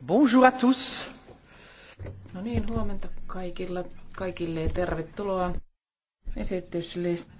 Bonjour à tous. No niin, huomenta kaikilla, kaikille ja tervetuloa esityslistalle.